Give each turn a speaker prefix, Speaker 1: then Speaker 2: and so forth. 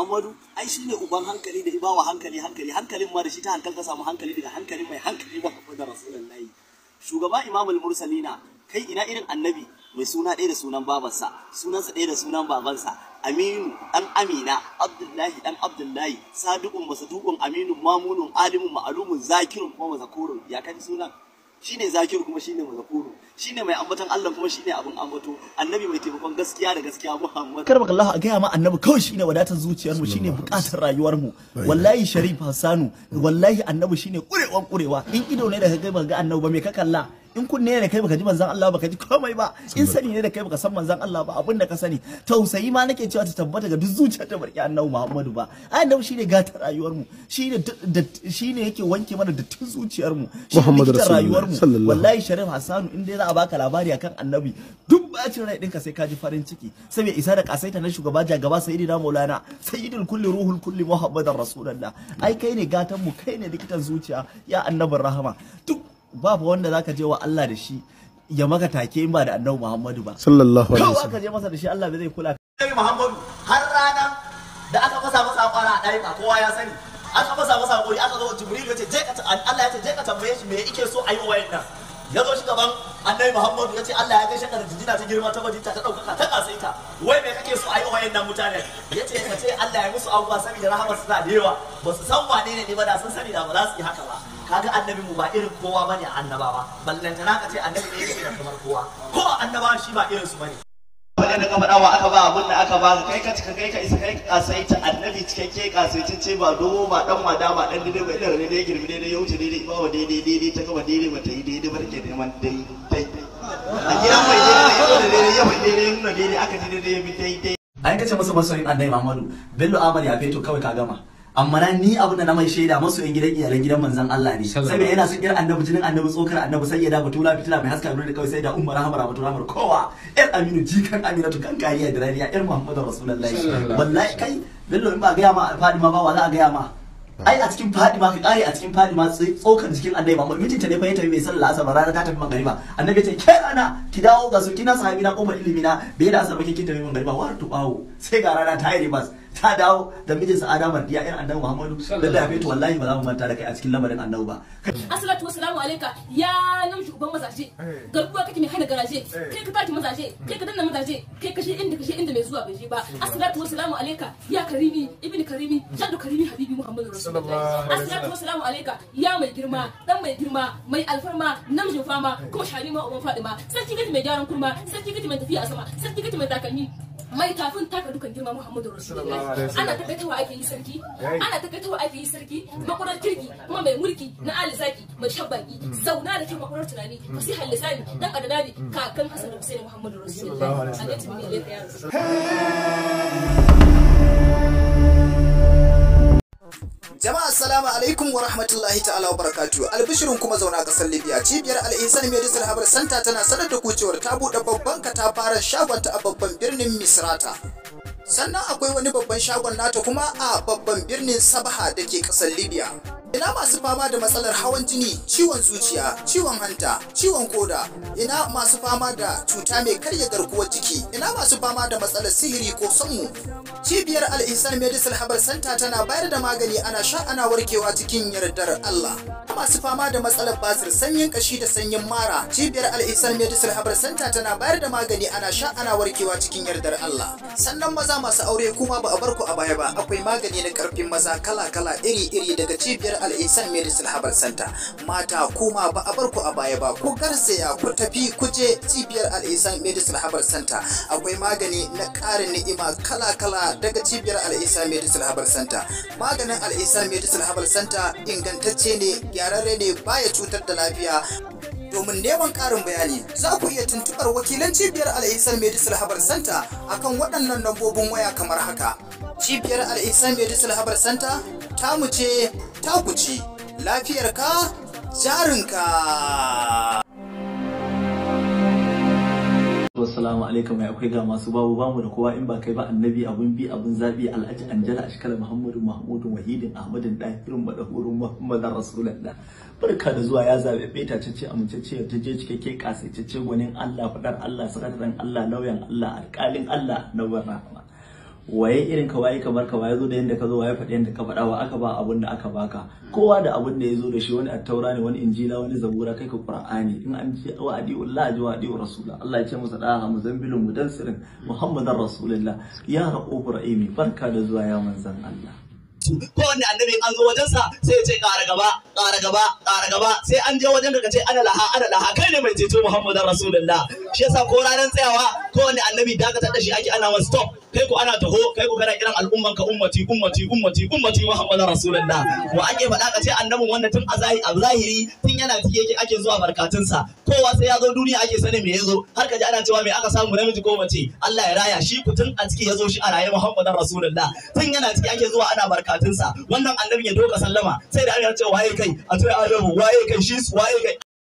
Speaker 1: Amadu ai shi ne uban hankali da wa hankali hankali hankalin ma da shi ta hankali ta samu hankali daga hankalin mai hankali ba wa da rasulullahi shugaba imamul mursalina kai ina irin annabi mai suna ɗaya da sunan babansa sunansa ɗaya da sunan babansa aminu dan amina abdullahi dan abdullahi sadiqun masadukun Aminu, mamunun alimun ma'lumun zakirun kuma mazakurun ya kai sunan shi ne zakiru kuma shine mazakuru ne mai ambaton Allah kuma ne abin ambato annabi mai taimakon gaskiya da gaskiya Muhammad kar Allah a gaya ma annabi kawai shine wadatar zuciyar mu shine bukatar rayuwar mu wallahi sharif hassanu wallahi annabi shine kurewan kurewa in ido ne da ka ga annabi ba me ka kalla in kunne ne kai baka ji manzon Allah baka ji komai ba in sani ne da kai baka san manzon Allah ba abin da ka sani tausayi ma nake cewa ta tabbata ga duk zuciyar ta barki annabi Muhammadu ba annabi shine gata rayuwar mu shine shine yake wanke mana dattin zuciyar mu Muhammadu rayuwar mu wallahi Sharif Hassanu in dai za a baka labari akan annabi duk bacin rai ɗinka sai ka ji farin ciki saboda isa da kasaita na shugaba jagaba sayyidina Maulana sayyidul kulli ruhul kulli Muhammadar Rasulullah ai kai ne gatan mu kai ne likitan zuciya ya annabin rahama duk babu wanda zaka je wa Allah da shi ya maka take in ba da annabi Muhammadu ba sallallahu alaihi wasallam ka je masa da shi Allah bai zai kula annabi Muhammadu har rana da aka fasa masa kwara a ba kowa ya sani aka fasa masa hakuri aka zo Jibril ya ce je ka Allah ya ce je ka tambaye shi me yake so ayi wayannan ya zo shi gaban annabi Muhammadu ya ce Allah ya gaishe ka da jinjina ta girma ta bajinta ta ɗaukaka ta kasaita wai me kake so ayi wayannan mutane ya ce ka ce Allah ya musu abubuwa sabida rahamar su da yawa ba su san wane ne ba da sun sani da ba za su yi haka ba kaga annabi mu ba irin kowa bane a annabawa ballanta na kace annabi ne yake kamar kowa ko annabawa shi ba irin su bane wanda da kamar awa aka ba abun da aka ba kai ka cika kai ka isa kai ka ta annabi cikakke ce ba dogo ba dan mada ba dan daidai ba da daidai girmi da ya wuce daidai ba wa daidai daidai ta gaba daidai ba ta yi daidai ba da ke neman dai a gida mai daidai ya wuce daidai ya wuce daidai ya nuna daidai aka ji daidai ya bi daidai an kace musu masoyin annabi Muhammadu Bello Ahmad ya feto kawai ka gama amma ni abin da na mai shaida masu yan gidan iyalan gidan manzon Allah ne saboda yana son yar annabi jinin annabi tsokar annabi sai ya da batula fitila mai haska nuna da kawai sai da ummar rahama tura mar kowa yar aminu jikan aminatu kan kariya da rariya yar muhammadu rasulullahi wallahi kai bello in ba ga ma fadima ba wallahi ga ma ai a cikin fadima ka kare a cikin fadima tsokan jikin annabi ba ta ne fa ya tafi mai sallah asar rana ta tafi magariba annabi ya ce ke rana ki dawo ga su kina sahabi na kofar ilimi na bai da asar kike tafi magariba war tubawo sai ga rana ta yi ribas ta dawo da mijinsa Adama da ya'yan annabi Muhammadu da dafe to wallahi ba za mu manta da kai a cikin lamarin annabi ba
Speaker 2: Assalatu wassalamu alayka ya namshi uban mazaje eh. garkuwa kake mai hana garaje eh. kai ka taki mazaje kai ka danna mazaje kai ka shi inda ka shi inda mai zuwa bai ba Assalatu wassalamu alayka ya karimi ibnu karimi jaddu karimi habibi Muhammadu rasulullahi Assalatu wassalamu alayka ya mai girma dan mai girma mai alfarma namjin fama kuma shalima uban fadima sarki gidi mai gyaran kurma sarki gidi mai tafiya a sama sarki gidi mai takalmi mai tafin taka dukan girma Muhammadu Rasulullahi ana takaitawa ake yi sarki ana takaitawa ake yi sarki makurar kirki kuma mai mulki na Ali Zaki mai shabbaki hmm. zauna da ke makurar tunani hmm. fasihar lisani dan adana ne kakan Hassan da Hussein Muhammadu Rasulullahi a ga tibi ne ya Jama'a assalamu alaikum wa rahmatullahi ta'ala wa barakatuhu. Albishirin kuma zauna kasar Libya. Cibiyar Al-Ihsan Medical Habar Center tana sanar da kucewar ta buɗe babban katafaren shagonta a babban birnin Misrata. Sannan akwai wani babban shagon nata kuma a babban birnin Sabaha da ke ƙasar Libya. Ina masu fama da matsalar hawan jini, ciwon zuciya, ciwon hanta, ciwon koda. Ina masu fama da cuta mai karya garkuwar jiki. Ina masu fama da matsalar sihiri ko sammu. Cibiyar Al-Ihsan Medical Herbal Center tana bayar da magani ana sha ana warkewa cikin yardar Allah. Masu fama da matsalar basir sanyin kashi da sanyin mara. Cibiyar Al-Ihsan Medical Herbal Center tana bayar da magani ana sha ana warkewa cikin yardar Allah. Sannan maza masu aure kuma ba a bar ku a baya ba. Akwai magani na karfin maza kala-kala iri-iri daga cibiyar Al-Ihsan Medicine Herbal Center. Mata kuma ba a barku a baya ba ku garzaya ku tafi ku je cibiyar Al-Ihsan Medicine Herbal Center. Akwai magani na ƙarin ni'ima kala-kala daga cibiyar Al-Ihsan Medicine Herbal Center. Maganin Al-Ihsan Medicine Herbal Center ingantacce ne, gyararre ne baya cutar da lafiya. domin neman ƙarin bayani za ku iya tuntuɓar wakilan cibiyar al'isan medical habar santa akan waɗannan lambobin waya kamar haka cibiyar al'isan medical habar santa tamu ce taku ce lafiyarka jarinka.
Speaker 1: Assalamu alaikum ya akwai ga masu babu bamu da kowa in ba kai ba annabi abun bi abun zabi alhaji anjala ashkala muhammadu mahmudu wahidin ahmadin dahirin badahurun muhammadan rasulullah barka da zuwa ya zabe beta cece amincece ta je cikakke kasaitacce gwanin Allah fadar Allah sakataren Allah lauyan Allah alƙalin Allah na rahma waye irin ka waye kamar ka waye zo da yanda ka zo waye faɗi yanda ka faɗa wa aka ba abun da aka baka kowa da abun da ya zo da shi wani attaura ne wani injila wani zabura kai ka qur'ani in an ce wa adi wallahi wa adi rasulullah Allah ya ce masa da ha zambilu mudansirin muhammadar rasulullah ya raqub rahimi barka da zuwa ya manzon Allah kowanne annabi an zo wajensa sai ya ce kara gaba ƙara gaba ƙara gaba sai an je wajen ka ce ana laha ana laha kai ne mai ceto muhammadar rasulullah shi yasa ko ranar tsayawa kowane annabi dakatar da shi ake ana ma stop kai ku ana taho kai ku kana kiran al'umman ka ummati ummati ummati ummati muhammadar rasulullah wa ake faɗa ka ce annabin wanda tun a zahiri tun yana cike yake ake zuwa barkatun sa. kowa sai ya zo duniya ake sani me ya zo har ka ji ana cewa me aka samu namiji ko mace Allah ya raya shi ku tun a ciki yazo zo shi a raye muhammadar rasulullah tun yana ciki ake zuwa ana barkatun sa. wannan annabin ya doka sallama sai da an cewa waye kai a tura adamu waye kai shi waye kai